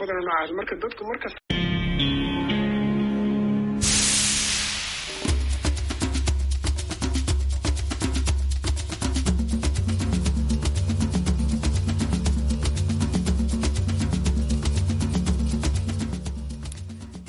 badan marka dadku markasta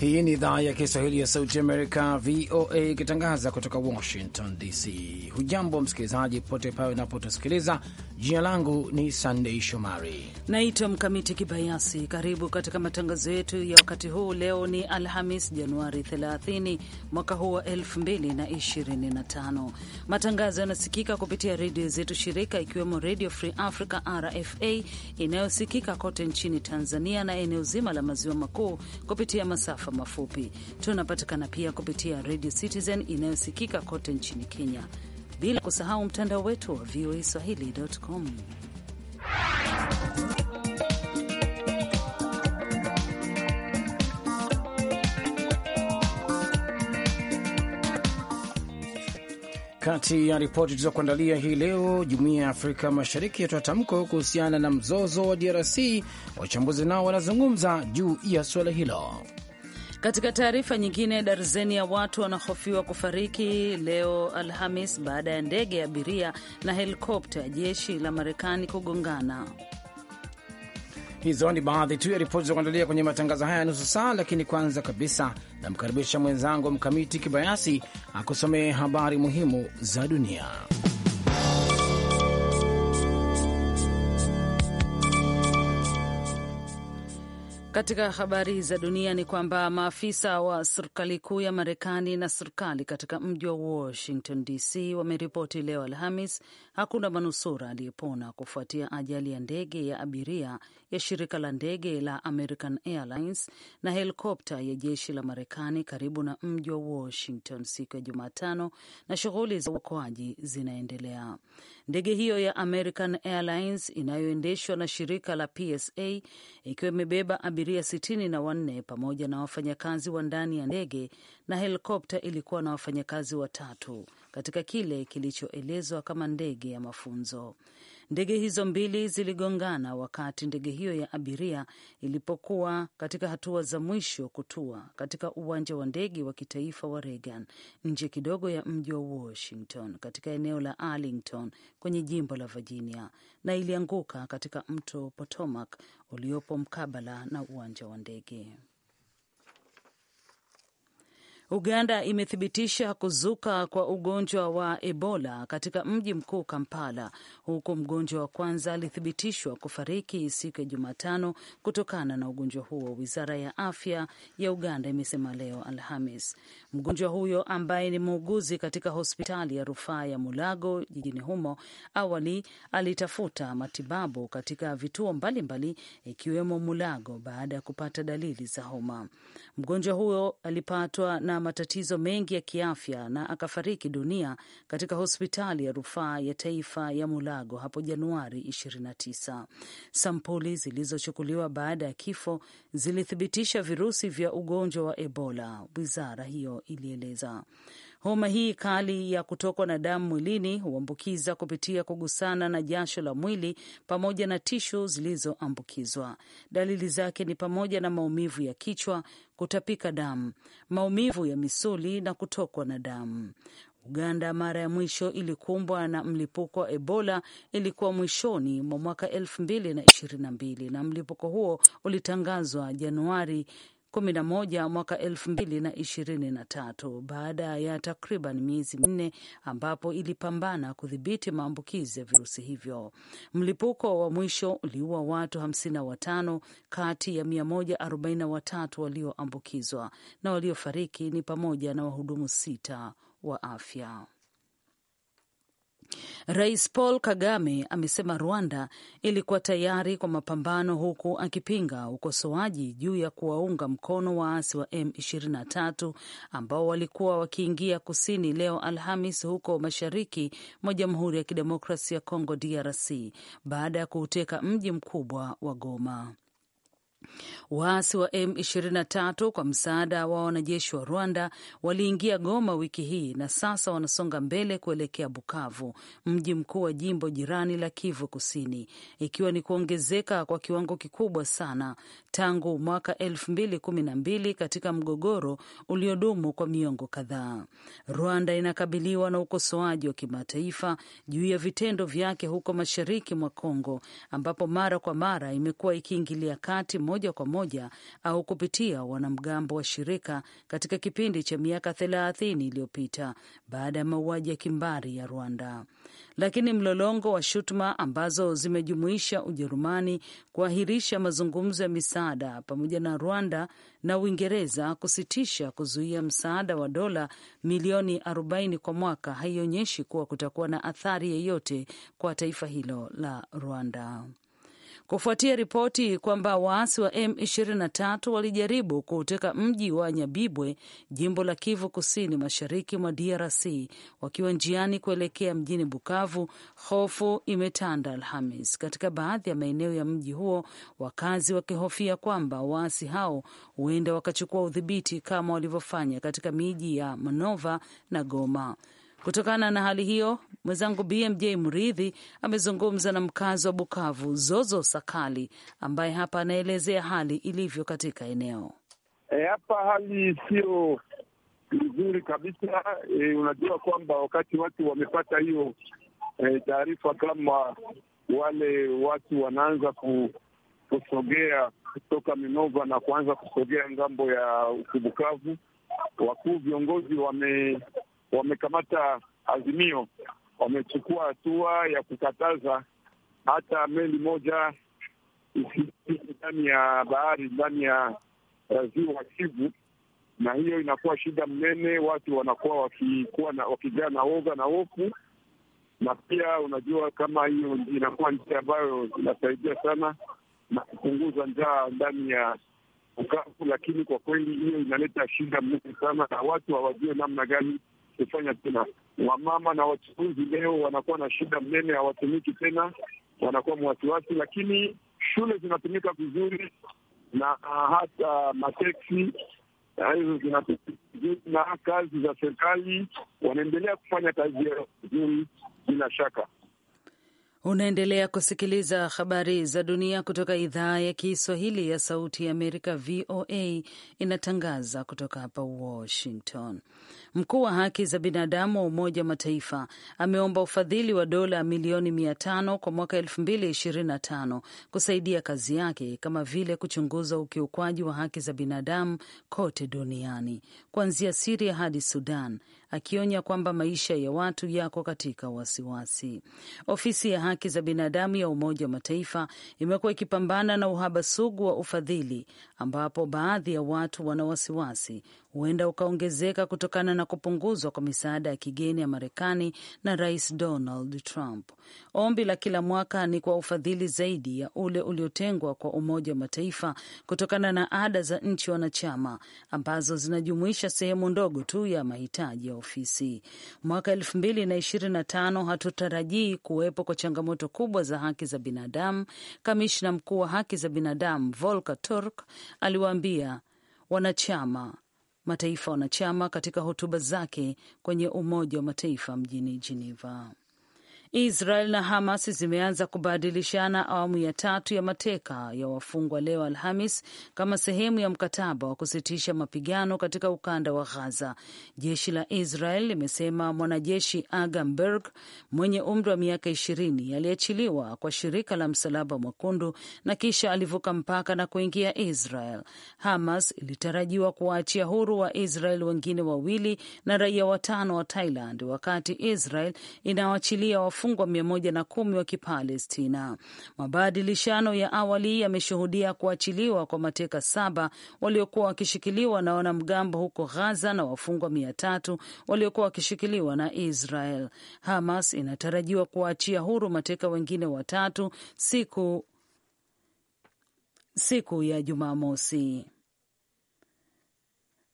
Hii ni idhaa ya Kiswahili ya Sauti Amerika, VOA, ikitangaza kutoka Washington DC. Hujambo msikilizaji pote pale unapotusikiliza. Jina langu ni Sandei Shomari, naitwa Mkamiti Kibayasi. Karibu katika matangazo yetu ya wakati huu. Leo ni Alhamis, Januari 30 mwaka huu wa 2025. Matangazo yanasikika kupitia redio zetu shirika, ikiwemo Redio Free Africa RFA inayosikika kote nchini Tanzania na eneo zima la maziwa makuu kupitia masafa mafupi. Tunapatikana pia kupitia Redio Citizen inayosikika kote nchini Kenya bila kusahau mtandao wetu wa VOA Swahili.com. Kati ya ripoti tulizokuandalia hii leo, jumuiya ya Afrika Mashariki yatoa tamko kuhusiana na mzozo wa DRC. Wachambuzi nao wanazungumza juu ya suala hilo. Katika taarifa nyingine, darzeni ya watu wanahofiwa kufariki leo Alhamis baada ya ndege ya abiria na helikopta ya jeshi la Marekani kugongana. Hizo ni baadhi tu ya ripoti za kuandalia kwenye matangazo haya ya nusu saa, lakini kwanza kabisa namkaribisha mwenzangu Mkamiti Kibayasi akusomee habari muhimu za dunia. Katika habari za dunia ni kwamba maafisa wa serikali kuu ya Marekani na serikali katika mji wa Washington DC wameripoti leo Alhamis hakuna manusura aliyepona kufuatia ajali ya ndege ya abiria ya shirika la ndege la American Airlines na helikopta ya jeshi la Marekani karibu na mji wa Washington siku ya Jumatano, na shughuli za uokoaji zinaendelea. Ndege hiyo ya American Airlines inayoendeshwa na shirika la PSA ikiwa imebeba abiria abiria sitini na wanne pamoja na wafanyakazi wa ndani ya ndege na helikopta ilikuwa na wafanyakazi watatu katika kile kilichoelezwa kama ndege ya mafunzo. Ndege hizo mbili ziligongana wakati ndege hiyo ya abiria ilipokuwa katika hatua za mwisho kutua katika uwanja wa ndege wa kitaifa wa Reagan nje kidogo ya mji wa Washington katika eneo la Arlington kwenye jimbo la Virginia na ilianguka katika mto Potomac uliopo mkabala na uwanja wa ndege. Uganda imethibitisha kuzuka kwa ugonjwa wa Ebola katika mji mkuu Kampala, huku mgonjwa wa kwanza alithibitishwa kufariki siku ya Jumatano kutokana na ugonjwa huo, wizara ya afya ya Uganda imesema leo Alhamis. Mgonjwa huyo ambaye ni muuguzi katika hospitali ya rufaa ya Mulago jijini humo, awali alitafuta matibabu katika vituo mbalimbali ikiwemo Mulago baada ya kupata dalili za homa. Mgonjwa huyo alipatwa na matatizo mengi ya kiafya na akafariki dunia katika hospitali ya rufaa ya taifa ya Mulago hapo Januari 29. Sampuli zilizochukuliwa baada ya kifo zilithibitisha virusi vya ugonjwa wa Ebola, wizara hiyo ilieleza. Homa hii kali ya kutokwa na damu mwilini huambukiza kupitia kugusana na jasho la mwili pamoja na tishu zilizoambukizwa. Dalili zake ni pamoja na maumivu ya kichwa, kutapika damu, maumivu ya misuli na kutokwa na damu. Uganda mara ya mwisho ilikumbwa na mlipuko wa Ebola ilikuwa mwishoni mwa mwaka elfu mbili na ishirini na mbili na mlipuko huo ulitangazwa Januari moja mwaka tatu baada ya takriban miezi minne ambapo ilipambana kudhibiti maambukizi ya virusi hivyo. Mlipuko wa mwisho uliua watu 55 kati ya 143 walioambukizwa na waliofariki ni pamoja na wahudumu sita wa afya. Rais Paul Kagame amesema Rwanda ilikuwa tayari kwa mapambano huku akipinga ukosoaji juu ya kuwaunga mkono waasi wa M23 ambao walikuwa wakiingia kusini leo Alhamis huko mashariki mwa Jamhuri ya Kidemokrasia ya Kongo DRC baada ya kuuteka mji mkubwa wa Goma. Waasi wa M23 kwa msaada wa wanajeshi wa Rwanda waliingia Goma wiki hii na sasa wanasonga mbele kuelekea Bukavu, mji mkuu wa jimbo jirani la Kivu Kusini, ikiwa ni kuongezeka kwa kiwango kikubwa sana tangu mwaka 2012 katika mgogoro uliodumu kwa miongo kadhaa. Rwanda inakabiliwa na ukosoaji wa kimataifa juu ya vitendo vyake huko mashariki mwa Kongo, ambapo mara kwa mara imekuwa ikiingilia kati moja kwa moja au kupitia wanamgambo wa shirika katika kipindi cha miaka thelathini iliyopita baada ya mauaji ya kimbari ya Rwanda. Lakini mlolongo wa shutuma ambazo zimejumuisha Ujerumani kuahirisha mazungumzo ya misaada pamoja na Rwanda na Uingereza kusitisha kuzuia msaada wa dola milioni 40 kwa mwaka haionyeshi kuwa kutakuwa na athari yeyote kwa taifa hilo la Rwanda kufuatia ripoti kwamba waasi wa M23 walijaribu kuuteka mji wa Nyabibwe, jimbo la Kivu Kusini, mashariki mwa DRC. Wakiwa njiani kuelekea mjini Bukavu, hofu imetanda Alhamis katika baadhi ya maeneo ya mji huo, wakazi wakihofia kwamba waasi hao huenda wakachukua udhibiti kama walivyofanya katika miji ya Manova na Goma. Kutokana na hali hiyo, mwenzangu BMJ Mridhi amezungumza na mkazi wa Bukavu, Zozo Sakali, ambaye hapa anaelezea hali ilivyo katika eneo. E, hapa hali isiyo nzuri kabisa. E, unajua kwamba wakati watu wamepata hiyo e, taarifa kama wale watu wanaanza ku, kusogea kutoka Minova na kuanza kusogea ngambo ya Kibukavu, wakuu viongozi wame wamekamata azimio, wamechukua hatua ya kukataza hata meli moja isiingie ndani ya bahari, ndani ya ziwa Kivu, na hiyo inakuwa shida mnene. Watu wanakuwa wakikuwa na wakijaa na oga na hofu, na pia unajua kama hiyo inakuwa njia ambayo inasaidia sana na kupunguza njaa ndani ya ukavu, lakini kwa kweli hiyo inaleta shida mnene sana, na watu hawajue namna gani kufanya tena. Wamama na wachuuzi leo wanakuwa na shida mnene, hawatumiki tena, wanakuwa mwasiwasi, lakini shule zinatumika vizuri na hata mateksi hizo zinatumika vizuri, na kazi za serikali wanaendelea kufanya kazi yao vizuri bila shaka. Unaendelea kusikiliza habari za dunia kutoka idhaa ya Kiswahili ya Sauti ya Amerika, VOA, inatangaza kutoka hapa Washington. Mkuu wa haki za binadamu wa Umoja wa Mataifa ameomba ufadhili wa dola milioni mia tano kwa mwaka elfu mbili ishirini na tano kusaidia kazi yake kama vile kuchunguza ukiukwaji wa haki za binadamu kote duniani kuanzia Siria hadi Sudan, akionya kwamba maisha ya watu yako katika wasiwasi. Ofisi ya haki za binadamu ya Umoja wa Mataifa imekuwa ikipambana na uhaba sugu wa ufadhili, ambapo baadhi ya watu wana wasiwasi huenda ukaongezeka kutokana na kupunguzwa kwa misaada ya kigeni ya Marekani na Rais Donald Trump. Ombi la kila mwaka ni kwa ufadhili zaidi ya ule uliotengwa kwa Umoja wa Mataifa kutokana na ada za nchi wanachama ambazo zinajumuisha sehemu ndogo tu ya mahitaji ya ofisi. Mwaka elfu mbili na ishirini na tano hatutarajii kuwepo kwa changamoto kubwa za haki za binadamu, kamishna mkuu wa haki za binadamu Volker Turk aliwaambia wanachama mataifa wanachama katika hotuba zake kwenye Umoja wa Mataifa mjini Geneva. Israel na Hamas zimeanza kubadilishana awamu ya tatu ya mateka ya wafungwa leo Alhamis kama sehemu ya mkataba wa kusitisha mapigano katika ukanda wa Ghaza. Jeshi la Israel limesema mwanajeshi Agamberg mwenye umri wa miaka ishirini aliachiliwa kwa shirika la Msalaba Mwekundu na kisha alivuka mpaka na kuingia Israel. Hamas ilitarajiwa kuwaachia huru wa Israel wengine wawili na raia watano wa Thailand wakati Israel wa wafungwa 110 wa Kipalestina. Mabadilishano ya awali yameshuhudia kuachiliwa kwa mateka saba waliokuwa wakishikiliwa na wanamgambo huko Ghaza na wafungwa mia waliokuwa wakishikiliwa na Israel. Hamas inatarajiwa kuwaachia huru mateka wengine watatu siku siku ya Jumamosi.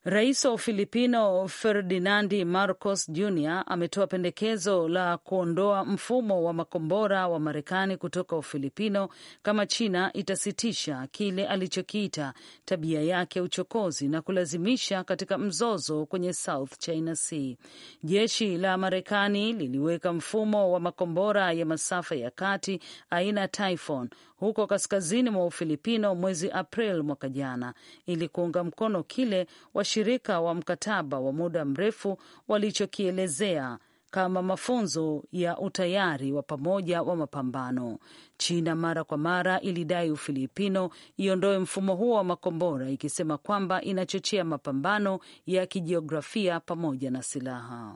Rais wa Ufilipino Ferdinandi Marcos Jr ametoa pendekezo la kuondoa mfumo wa makombora wa Marekani kutoka Ufilipino kama China itasitisha kile alichokiita tabia yake ya uchokozi na kulazimisha katika mzozo kwenye South China Sea. Jeshi la Marekani liliweka mfumo wa makombora ya masafa ya kati aina Typhoon huko kaskazini mwa Ufilipino mwezi April mwaka jana ili kuunga mkono kile washirika wa mkataba wa muda mrefu walichokielezea kama mafunzo ya utayari wa pamoja wa mapambano. China mara kwa mara ilidai Ufilipino iondoe mfumo huo wa makombora, ikisema kwamba inachochea mapambano ya kijiografia pamoja na silaha.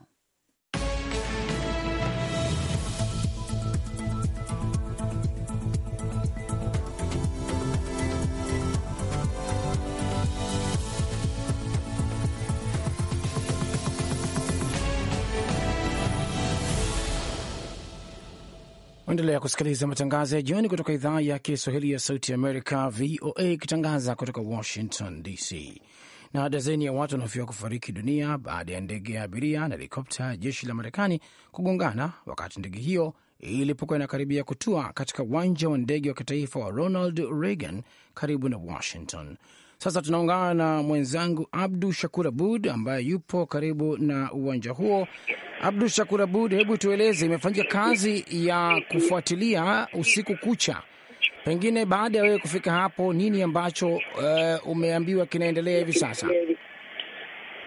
Endelea kusikiliza matangazo ya jioni kutoka idhaa ya Kiswahili ya Sauti ya Amerika, VOA, ikitangaza kutoka Washington DC. Na dazeni ya watu wanaofiwa kufariki dunia baada ya ndege ya abiria na helikopta ya jeshi la Marekani kugongana wakati ndege hiyo ilipokuwa inakaribia kutua katika uwanja wa ndege wa kitaifa wa Ronald Reagan karibu na Washington. Sasa tunaungana na mwenzangu Abdu Shakur Abud ambaye yupo karibu na uwanja huo. Abdu Shakur Abud, hebu tueleze, imefanyika kazi ya kufuatilia usiku kucha, pengine baada ya wewe kufika hapo, nini ambacho uh, umeambiwa kinaendelea hivi sasa?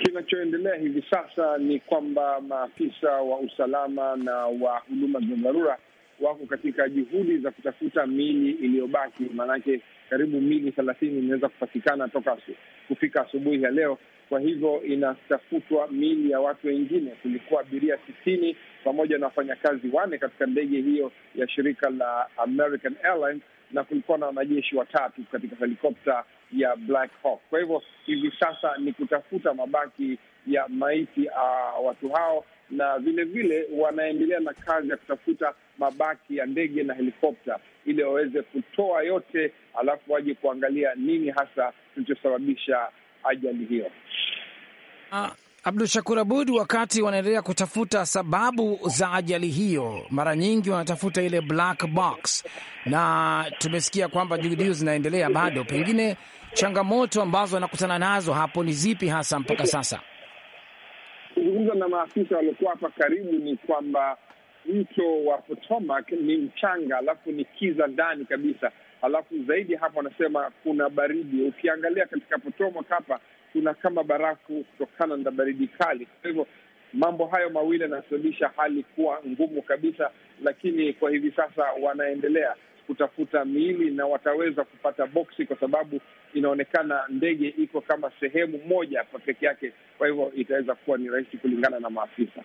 Kinachoendelea hivi sasa ni kwamba maafisa wa usalama na wa huduma za dharura wako katika juhudi za kutafuta mili iliyobaki, maanake karibu mili thelathini imeweza kupatikana toka kufika asubuhi ya leo. Kwa hivyo inatafutwa mili ya watu wengine. Kulikuwa abiria sitini pamoja na wafanyakazi wane katika ndege hiyo ya shirika la American Airlines, na kulikuwa na wanajeshi watatu katika helikopta ya Black Hawk. Kwa hivyo hivi sasa ni kutafuta mabaki ya maiti uh, watu hao na vilevile vile, wanaendelea na kazi ya kutafuta mabaki ya ndege na helikopta ili waweze kutoa yote, alafu waje kuangalia nini hasa kilichosababisha ajali hiyo. Ah, Abdu Shakur Abud, wakati wanaendelea kutafuta sababu za ajali hiyo, mara nyingi wanatafuta ile black box, na tumesikia kwamba juhudi hizo zinaendelea bado. Pengine changamoto ambazo wanakutana nazo hapo ni zipi hasa mpaka sasa? Kuzungumza na maafisa waliokuwa hapa karibu ni kwamba mto wa Potomac ni mchanga, alafu ni kiza ndani kabisa, alafu zaidi hapa wanasema kuna baridi. Ukiangalia katika Potomac hapa kuna kama barafu kutokana na baridi kali. Kwa hivyo mambo hayo mawili yanasababisha hali kuwa ngumu kabisa, lakini kwa hivi sasa wanaendelea kutafuta miili na wataweza kupata boksi, kwa sababu inaonekana ndege iko kama sehemu moja peke yake, kwa hivyo itaweza kuwa ni rahisi kulingana na maafisa.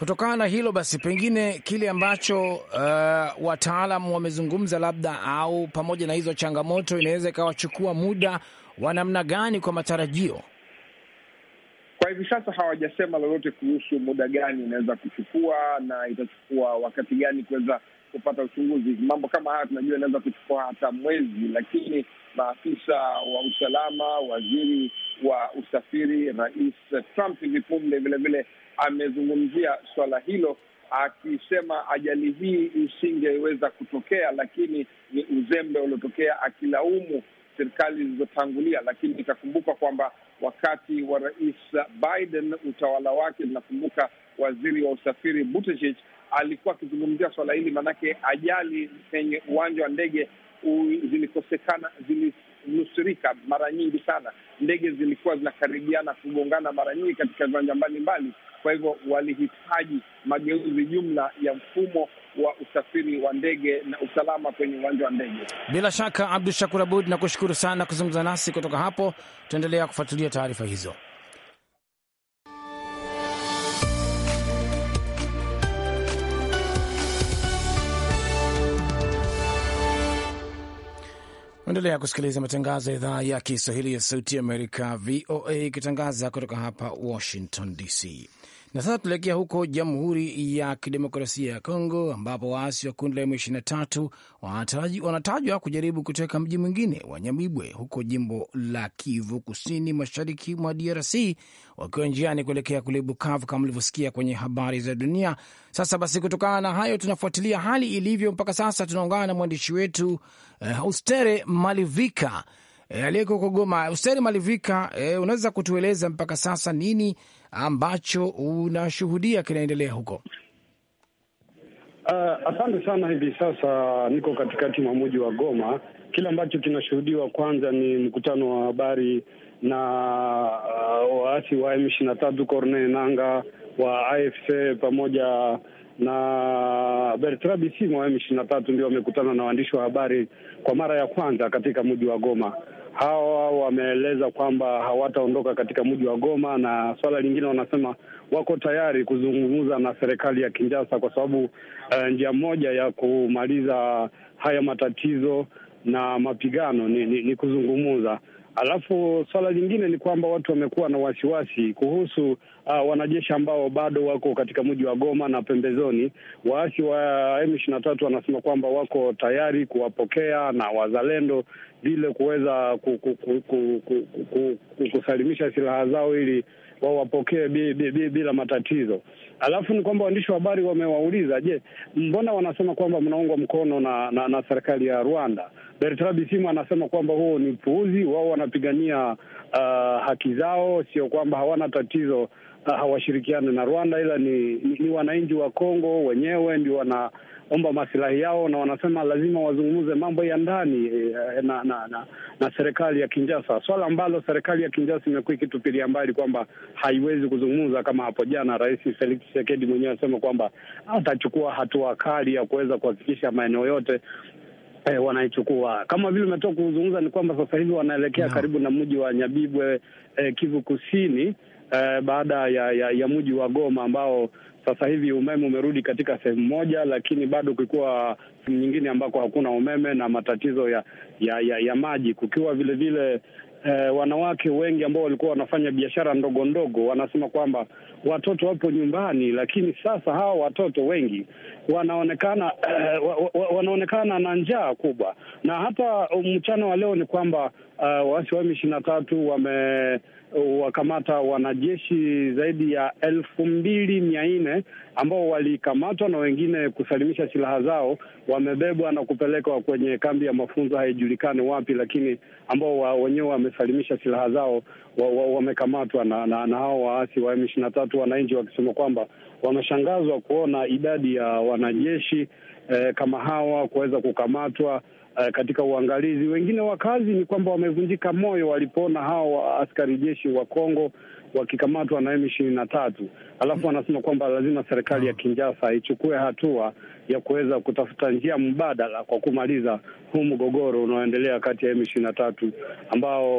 Kutokana na hilo basi, pengine kile ambacho uh, wataalam wamezungumza labda, au pamoja na hizo changamoto, inaweza ikawachukua muda wa namna gani kwa matarajio? Kwa hivi sasa hawajasema lolote kuhusu muda gani inaweza kuchukua na itachukua wakati gani kuweza kupata uchunguzi. Mambo kama haya tunajua inaweza kuchukua hata mwezi, lakini maafisa wa usalama, waziri wa usafiri, Rais Trump hivi punde vilevile amezungumzia swala hilo akisema ajali hii isingeweza kutokea, lakini ni uzembe uliotokea, akilaumu serikali zilizotangulia. Lakini itakumbuka kwamba wakati wa Rais Biden utawala wake, linakumbuka waziri wa usafiri Buttigieg alikuwa akizungumzia swala hili, maanake ajali kwenye uwanja wa ndege zilikosekana, zilinusurika mara nyingi sana. Ndege zilikuwa zinakaribiana kugongana mara nyingi katika viwanja mbalimbali, kwa hivyo walihitaji mageuzi jumla ya mfumo wa usafiri wa ndege na usalama kwenye uwanja wa ndege. Bila shaka, Abdu Shakur Abud, nakushukuru sana kuzungumza nasi kutoka hapo. Tuendelea kufuatilia taarifa hizo. Endelea kusikiliza matangazo ya idhaa ya Kiswahili ya Sauti ya Amerika, VOA, ikitangaza kutoka hapa Washington DC. Na sasa tunaelekea huko Jamhuri ya Kidemokrasia ya Kongo, ambapo waasi wa kundi la M23 wanatajwa kujaribu kuteka mji mwingine wa Nyamibwe huko jimbo la Kivu Kusini, mashariki mwa DRC, wakiwa njiani kuelekea kule Bukavu, kama ulivyosikia kwenye habari za dunia. Sasa basi, kutokana na hayo, tunafuatilia hali ilivyo mpaka sasa. Tunaungana na mwandishi wetu uh, eh, Ustere Malivika eh, aliyeko huko Goma. Ustere Malivika, uh, unaweza kutueleza mpaka sasa nini ambacho unashuhudia kinaendelea huko? Uh, asante sana. Hivi sasa niko katikati mwa mji wa Goma. Kile ambacho kinashuhudiwa kwanza ni mkutano wa habari na uh, waasi wa M23 Corne Nanga wa AFC pamoja na Bertrand Bisimwa wa M23 ndio wamekutana na waandishi wa habari kwa mara ya kwanza katika mji wa Goma hawa wameeleza kwamba hawataondoka katika mji wa Goma, na swala lingine wanasema wako tayari kuzungumza na serikali ya Kinshasa kwa sababu uh, njia moja ya kumaliza haya matatizo na mapigano ni, ni, ni kuzungumza Alafu swala lingine ni kwamba watu wamekuwa na wasiwasi kuhusu uh, wanajeshi ambao bado wako katika mji wa Goma na pembezoni. Waasi wa M23 wanasema kwamba wako tayari kuwapokea na wazalendo vile kuweza kusalimisha silaha zao ili wawapokee bila matatizo. Alafu ni kwamba waandishi wa habari wamewauliza, je, mbona wanasema kwamba mnaungwa mkono na, na, na serikali ya Rwanda? Bertrand Bisimwa anasema kwamba huo ni upuuzi. Wao wanapigania uh, haki zao, sio kwamba hawana tatizo uh, hawashirikiane na Rwanda, ila ni, ni, ni wananchi wa Kongo wenyewe ndio wana omba masilahi yao na wanasema lazima wazungumze mambo ya ndani e, na, na, na, na serikali ya Kinjasa, swala ambalo serikali ya Kinjasa imekuwa ikitupilia mbali kwamba haiwezi kuzungumza. Kama hapo jana Rais Felix Tshisekedi mwenyewe asema kwamba atachukua hatua kali ya kuweza kuhakikisha maeneo yote eh, wanaichukua kama vile umetoka kuzungumza. Ni kwamba sasa hivi wanaelekea no. karibu na mji wa Nyabibwe eh, Kivu Kusini eh, baada ya, ya, ya mji wa Goma ambao sasa hivi umeme umerudi katika sehemu moja, lakini bado kukiwa sehemu nyingine ambako hakuna umeme na matatizo ya ya, ya, ya maji kukiwa vilevile vile, eh, wanawake wengi ambao walikuwa wanafanya biashara ndogo ndogo wanasema kwamba watoto wapo nyumbani, lakini sasa hawa watoto wengi wanaonekana eh, wa, wa, wanaonekana na njaa kubwa, na hata mchana wa leo ni kwamba uh, waasi wa M ishirini na tatu wame wakamata wanajeshi zaidi ya elfu mbili mia nne ambao walikamatwa na wengine kusalimisha silaha zao, wamebebwa na kupelekwa kwenye kambi ya mafunzo, haijulikani wapi, lakini ambao wa, wenyewe wamesalimisha silaha zao wamekamatwa wa, wa na, na hao waasi wa M ishirini na tatu, wananchi wakisema kwamba wameshangazwa kuona idadi ya wanajeshi eh, kama hawa kuweza kukamatwa uh, katika uangalizi. Wengine wakazi ni kwamba wamevunjika moyo walipoona hao askari jeshi wa Kongo wakikamatwa na M ishirini na tatu, alafu wanasema kwamba lazima serikali ya ah. kinjasa ichukue hatua ya kuweza kutafuta njia mbadala kwa kumaliza huu mgogoro unaoendelea kati ya M ishirini na tatu ambao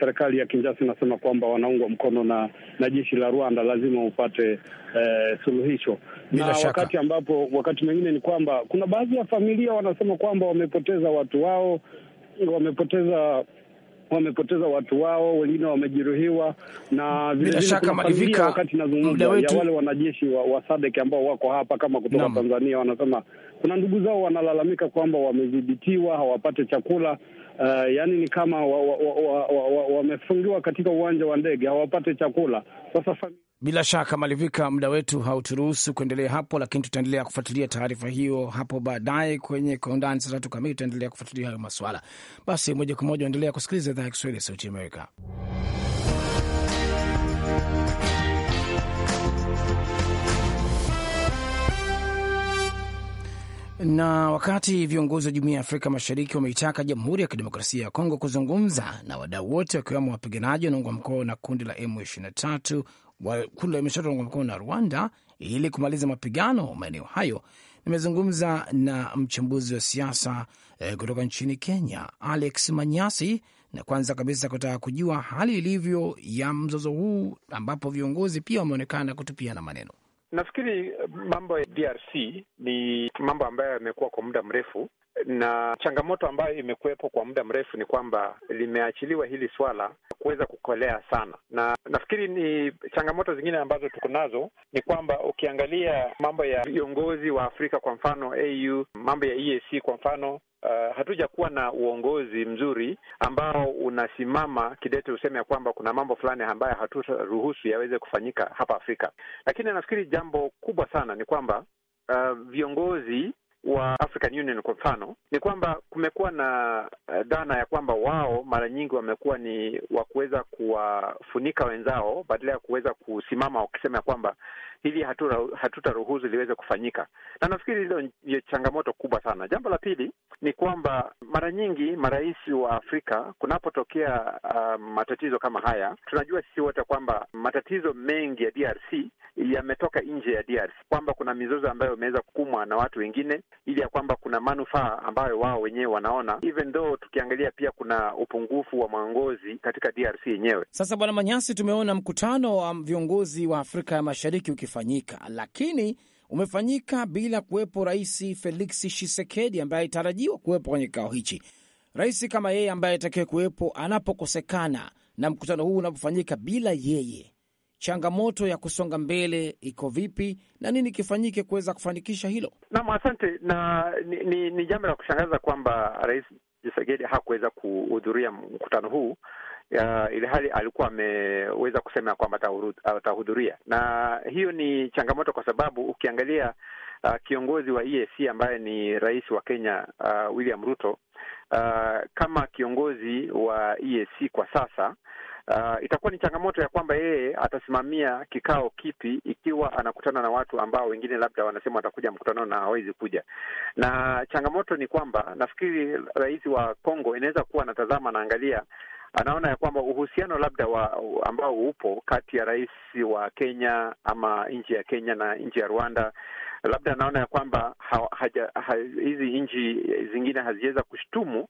serikali ya kinjasa inasema kwamba wanaungwa mkono na, na jeshi la Rwanda. Lazima upate eh, suluhisho Bila na shaka. Wakati ambapo wakati mwingine ni kwamba kuna baadhi ya familia wanasema kwamba wamepoteza watu wao, wamepoteza wamepoteza watu wao, wengine wamejeruhiwa, na bila shaka malivika, wakati nazungumza ya wale wanajeshi wa, wa SADC ambao wako hapa kama kutoka Nama. Tanzania wanasema kuna ndugu zao wanalalamika kwamba wamedhibitiwa, hawapate chakula. Uh, yaani ni kama wamefungiwa wa, wa, wa, wa, wa katika uwanja wa ndege hawapate chakula sasa bila shaka Malivika, muda wetu hauturuhusu kuendelea hapo, lakini tutaendelea kufuatilia taarifa hiyo hapo baadaye kwenye kwa undani. Saa tatu kamili tutaendelea kufuatilia hayo maswala. Basi moja kwa moja endelea kusikiliza idhaa ya Kiswahili ya Sauti Amerika. Na wakati viongozi wa Jumuiya ya Afrika Mashariki wameitaka Jamhuri ya Kidemokrasia ya Kongo kuzungumza na wadau wote wakiwemo wapiganaji wanaungwa mkono na kundi la M23 kundi la imeshoto unga mkono na Rwanda ili kumaliza mapigano maeneo hayo. Nimezungumza na mchambuzi wa siasa eh, kutoka nchini Kenya, Alex Manyasi, na kwanza kabisa kutaka kujua hali ilivyo ya mzozo huu ambapo viongozi pia wameonekana kutupia na maneno. Nafikiri mambo ya DRC ni mambo ambayo yamekuwa kwa muda mrefu, na changamoto ambayo imekuwepo kwa muda mrefu ni kwamba limeachiliwa hili swala kuweza kukolea sana, na nafikiri ni changamoto zingine ambazo tuko nazo ni kwamba ukiangalia mambo ya viongozi wa Afrika, kwa mfano AU, mambo ya EAC kwa mfano uh, kuwa na uongozi mzuri ambao unasimama kidete useme ya kwamba kuna mambo fulani ambayo hatutaruhusu yaweze kufanyika hapa Afrika. Lakini nafikiri jambo kubwa sana ni kwamba uh, viongozi wa African Union kwa mfano ni kwamba kumekuwa na uh, dhana ya kwamba wao mara nyingi wamekuwa ni wa kuweza kuwafunika wenzao badala ya kuweza kusimama wakisema ya kwamba hili hatutaruhusu liweze kufanyika, na nafikiri hilo ndio changamoto kubwa sana. Jambo la pili ni kwamba mara nyingi marais wa Afrika kunapotokea uh, matatizo kama haya, tunajua sisi wote kwamba matatizo mengi ya DRC yametoka nje ya DRC, kwamba kuna mizozo ambayo imeweza kukumwa na watu wengine, ili ya kwamba kuna manufaa ambayo wao wenyewe wanaona, even though tukiangalia pia kuna upungufu wa mwongozi katika DRC yenyewe. Sasa Bwana Manyasi, tumeona mkutano wa viongozi wa Afrika ya Mashariki uki ukifanyika, lakini umefanyika bila kuwepo Rais Felix Tshisekedi ambaye alitarajiwa kuwepo kwenye kikao hichi. Rais kama yeye ambaye atakiwe kuwepo anapokosekana na mkutano huu unapofanyika bila yeye, changamoto ya kusonga mbele iko vipi na nini kifanyike kuweza kufanikisha hilo? Naam, asante. Na ni, ni, ni jambo la kushangaza kwamba Rais Tshisekedi hakuweza kuhudhuria mkutano huu uh, ili hali alikuwa ameweza kusema kwamba atahudhuria, na hiyo ni changamoto kwa sababu ukiangalia uh, kiongozi wa EAC ambaye ni rais wa Kenya uh, William Ruto uh, kama kiongozi wa EAC kwa sasa Uh, itakuwa ni changamoto ya kwamba yeye atasimamia kikao kipi ikiwa anakutana na watu ambao wengine labda wanasema watakuja mkutano na hawezi kuja. Na changamoto ni kwamba nafikiri rais wa Kongo inaweza kuwa anatazama, anaangalia anaona ya kwamba uhusiano labda wa ambao upo kati ya rais wa Kenya ama nchi ya Kenya na nchi ya Rwanda, labda anaona ya kwamba hizi nchi zingine haziweza kushtumu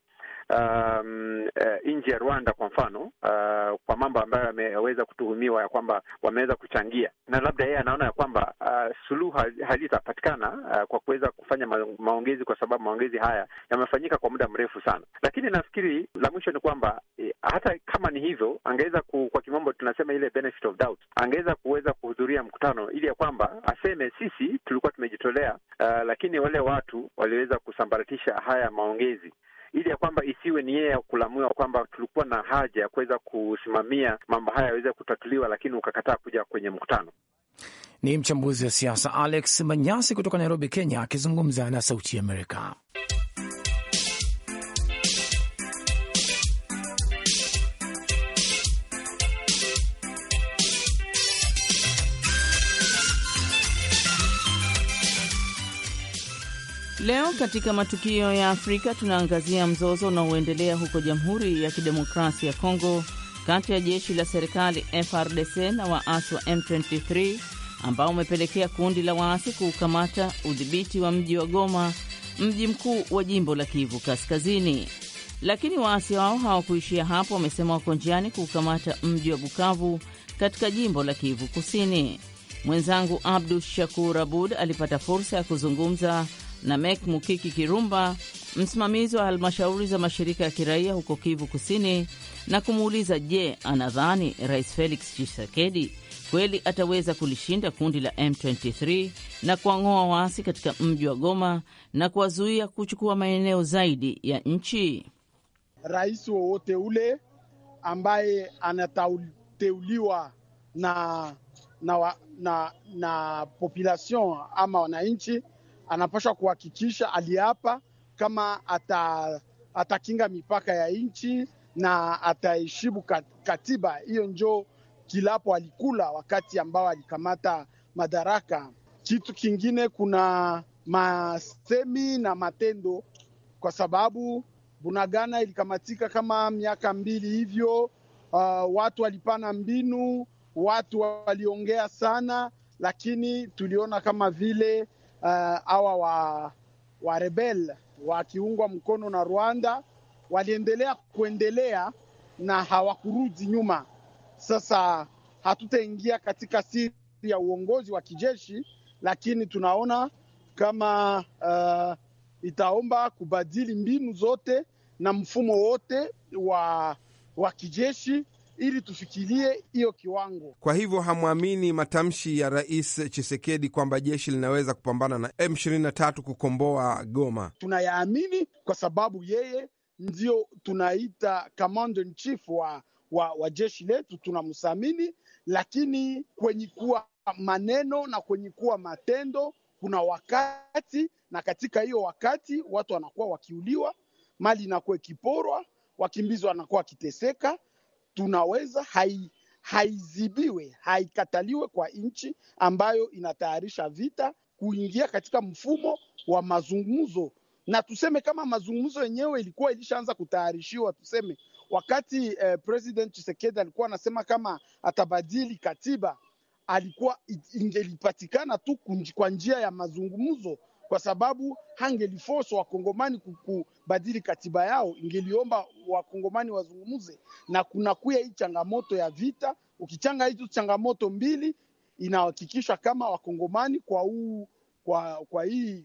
um, uh, nchi ya Rwanda kwa mfano uh, kwa mambo ambayo yameweza kutuhumiwa ya kwamba wameweza kuchangia, na labda yeye anaona ya kwamba uh, suluhu halitapatikana uh, kwa kuweza kufanya ma maongezi, kwa sababu maongezi haya yamefanyika kwa muda mrefu sana. Lakini nafikiri la mwisho ni kwamba eh, hata kama ni hivyo, angeweza kwa kimombo tunasema ile benefit of doubt, angeweza kuweza kuhudhuria mkutano ili ya kwamba aseme sisi tulikuwa tumejitolea, uh, lakini wale watu waliweza kusambaratisha haya maongezi ili ya kwamba isiwe ni yeye ya kulamua kwamba tulikuwa na haja ya kuweza kusimamia mambo haya yaweze kutatuliwa, lakini ukakataa kuja kwenye mkutano. Ni mchambuzi wa siasa Alex Manyasi kutoka Nairobi, Kenya, akizungumza na Sauti ya Amerika. Leo katika matukio ya Afrika tunaangazia mzozo unaoendelea huko Jamhuri ya Kidemokrasia ya Kongo kati ya jeshi la serikali FRDC na waasi wa M23 ambao umepelekea kundi la waasi kuukamata udhibiti wa mji wa Goma, mji mkuu wa jimbo la Kivu Kaskazini. Lakini waasi hao hawakuishia hapo, wamesema wako njiani kuukamata mji wa Bukavu katika jimbo la Kivu Kusini. Mwenzangu Abdu Shakur Abud alipata fursa ya kuzungumza Namek Mukiki Kirumba, msimamizi wa halmashauri za mashirika ya kiraia huko Kivu Kusini, na kumuuliza je, anadhani Rais Felix Tshisekedi kweli ataweza kulishinda kundi la M23 na kuwang'oa waasi katika mji wa Goma na kuwazuia kuchukua maeneo zaidi ya nchi. Rais wowote ule ambaye anateuliwa na, na, na, na population ama wananchi anapashwa kuhakikisha aliapa kama ata, atakinga mipaka ya nchi na ataheshimu katiba. Hiyo njo kilapo alikula wakati ambao alikamata madaraka. Kitu kingine, kuna masemi na matendo, kwa sababu Bunagana ilikamatika kama miaka mbili hivyo. Uh, watu walipana mbinu, watu waliongea sana, lakini tuliona kama vile Eh, awa wa, wa rebel wakiungwa mkono na Rwanda waliendelea kuendelea na hawakurudi nyuma. Sasa hatutaingia katika siri ya uongozi wa kijeshi, lakini tunaona kama uh, itaomba kubadili mbinu zote na mfumo wote wa, wa kijeshi ili tufikirie hiyo kiwango. Kwa hivyo hamwamini matamshi ya Rais Chisekedi kwamba jeshi linaweza kupambana na M23 kukomboa Goma? Tunayaamini kwa sababu yeye ndio tunaita commander in chief wa, wa, wa jeshi letu, tunamsamini. Lakini kwenye kuwa maneno na kwenye kuwa matendo kuna wakati, na katika hiyo wakati watu wanakuwa wakiuliwa, mali inakuwa ikiporwa, wakimbizi wanakuwa wakiteseka tunaweza hai, haizibiwe haikataliwe kwa nchi ambayo inatayarisha vita kuingia katika mfumo wa mazungumzo, na tuseme kama mazungumzo yenyewe ilikuwa ilishaanza kutayarishiwa, tuseme wakati eh, President Tshisekedi alikuwa anasema kama atabadili katiba, alikuwa ingelipatikana tu kwa njia ya mazungumzo kwa sababu hangeliforce wakongomani kubadili katiba yao, ingeliomba wakongomani wazungumuze, na kunakuya hii changamoto ya vita. Ukichanga hizo changamoto mbili, inahakikisha kama wakongomani kwa huu, kwa, kwa hii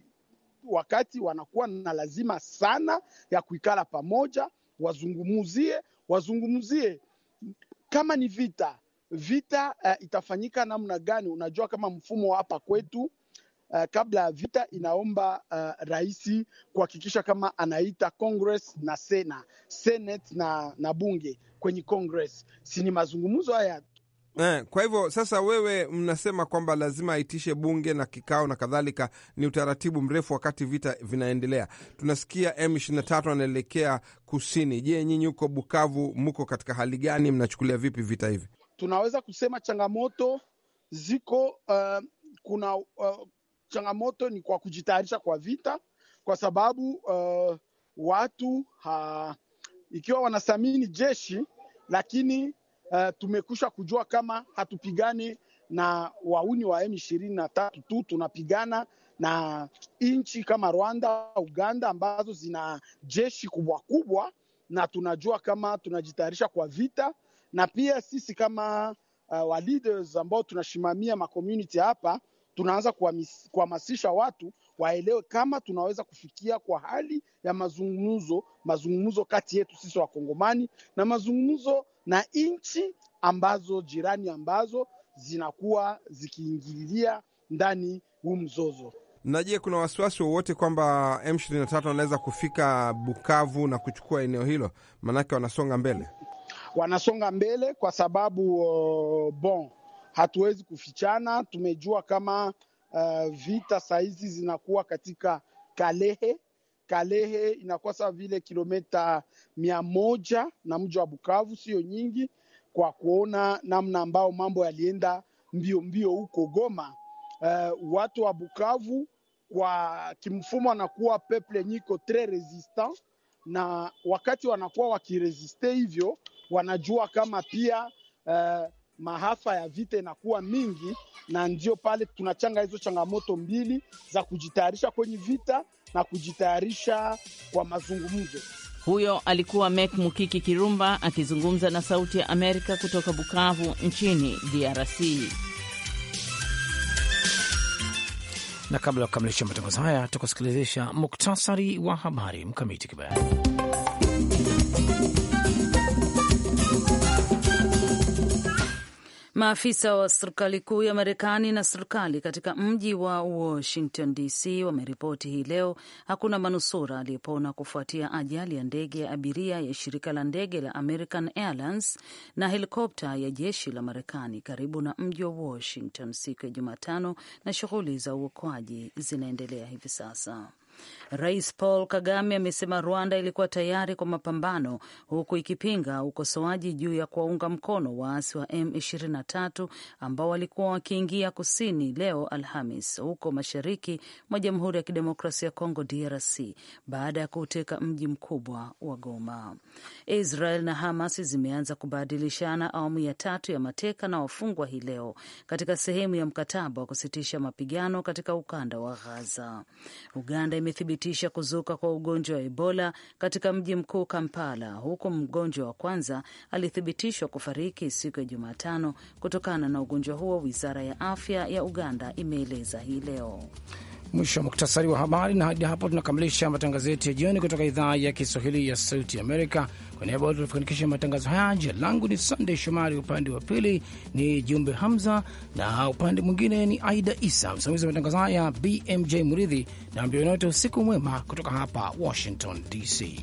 wakati wanakuwa na lazima sana ya kuikala pamoja, wazungumuzie wazungumuzie kama ni vita vita, uh, itafanyika namna gani? Unajua kama mfumo wa hapa kwetu uh, kabla ya vita inaomba uh, rais kuhakikisha kama anaita Congress na Sena, Senate na, na bunge kwenye Congress, si ni mazungumzo haya eh? Kwa hivyo sasa, wewe mnasema kwamba lazima aitishe bunge na kikao na kadhalika, ni utaratibu mrefu wakati vita vinaendelea. Tunasikia M23 anaelekea kusini. Je, nyinyi huko Bukavu mko katika hali gani? Mnachukulia vipi vita hivi? Tunaweza kusema changamoto ziko uh, kuna uh, changamoto ni kwa kujitayarisha kwa vita, kwa sababu uh, watu ha, ikiwa wanathamini jeshi lakini uh, tumekusha kujua kama hatupigani na wauni wa M23 tu, tunapigana na nchi kama Rwanda, Uganda ambazo zina jeshi kubwa kubwa, na tunajua kama tunajitayarisha kwa vita, na pia sisi kama uh, wa leaders ambao tunashimamia ma community hapa tunaanza kuhamasisha watu waelewe kama tunaweza kufikia kwa hali ya mazungumzo, mazungumzo kati yetu sisi Wakongomani na mazungumzo na nchi ambazo jirani ambazo zinakuwa zikiingililia ndani huu mzozo. Na je, kuna wasiwasi wowote kwamba M23 wanaweza kufika Bukavu na kuchukua eneo hilo? Maanake wanasonga mbele, wanasonga mbele kwa sababu uh, bon hatuwezi kufichana. Tumejua kama uh, vita sahizi zinakuwa katika Kalehe. Kalehe inakuwa sawa vile kilomita mia moja na mji wa Bukavu, sio nyingi, kwa kuona namna ambao mambo yalienda mbio mbio huko Goma. Uh, watu wa Bukavu kwa kimfumo wanakuwa peple nyiko tres resistant, na wakati wanakuwa wakiresiste hivyo wanajua kama pia uh, maafa ya vita inakuwa mingi, na ndio pale tunachanga hizo changamoto mbili za kujitayarisha kwenye vita na kujitayarisha kwa mazungumzo. Huyo alikuwa Mek Mukiki Kirumba akizungumza na Sauti ya Amerika kutoka Bukavu nchini DRC. Na kabla ya kukamilisha matangazo haya, tukusikilizisha muktasari wa habari. Mkamiti Kibayani. Maafisa wa serikali kuu ya Marekani na serikali katika mji wa Washington DC wameripoti hii leo hakuna manusura aliyepona kufuatia ajali ya ndege ya abiria ya shirika la ndege la American Airlines na helikopta ya jeshi la Marekani karibu na mji wa Washington siku ya Jumatano, na shughuli za uokoaji zinaendelea hivi sasa. Rais Paul Kagame amesema Rwanda ilikuwa tayari kwa mapambano, huku ikipinga ukosoaji juu ya kuwaunga mkono waasi wa M23 ambao walikuwa wakiingia kusini leo Alhamis huko mashariki mwa Jamhuri ya Kidemokrasia ya Kongo, DRC, baada ya kuuteka mji mkubwa wa Goma. Israel na Hamas zimeanza kubadilishana awamu ya tatu ya mateka na wafungwa hii leo katika sehemu ya mkataba wa kusitisha mapigano katika ukanda wa ghaza Uganda ime ulithibitisha kuzuka kwa ugonjwa wa Ebola katika mji mkuu Kampala, huku mgonjwa wa kwanza alithibitishwa kufariki siku ya Jumatano kutokana na ugonjwa huo, wizara ya afya ya Uganda imeeleza hii leo. Mwisho wa muktasari wa habari, na hadi hapo tunakamilisha matangazo yetu ya jioni kutoka idhaa ya Kiswahili ya Sauti Amerika. Kwa niaba watu tulifanikisha matangazo haya, jina langu ni Sandey Shomari, upande wa pili ni Jumbe Hamza na upande mwingine ni Aida Isa, msimamizi wa matangazo haya BMJ Muridhi na mbio wote, usiku mwema kutoka hapa Washington DC.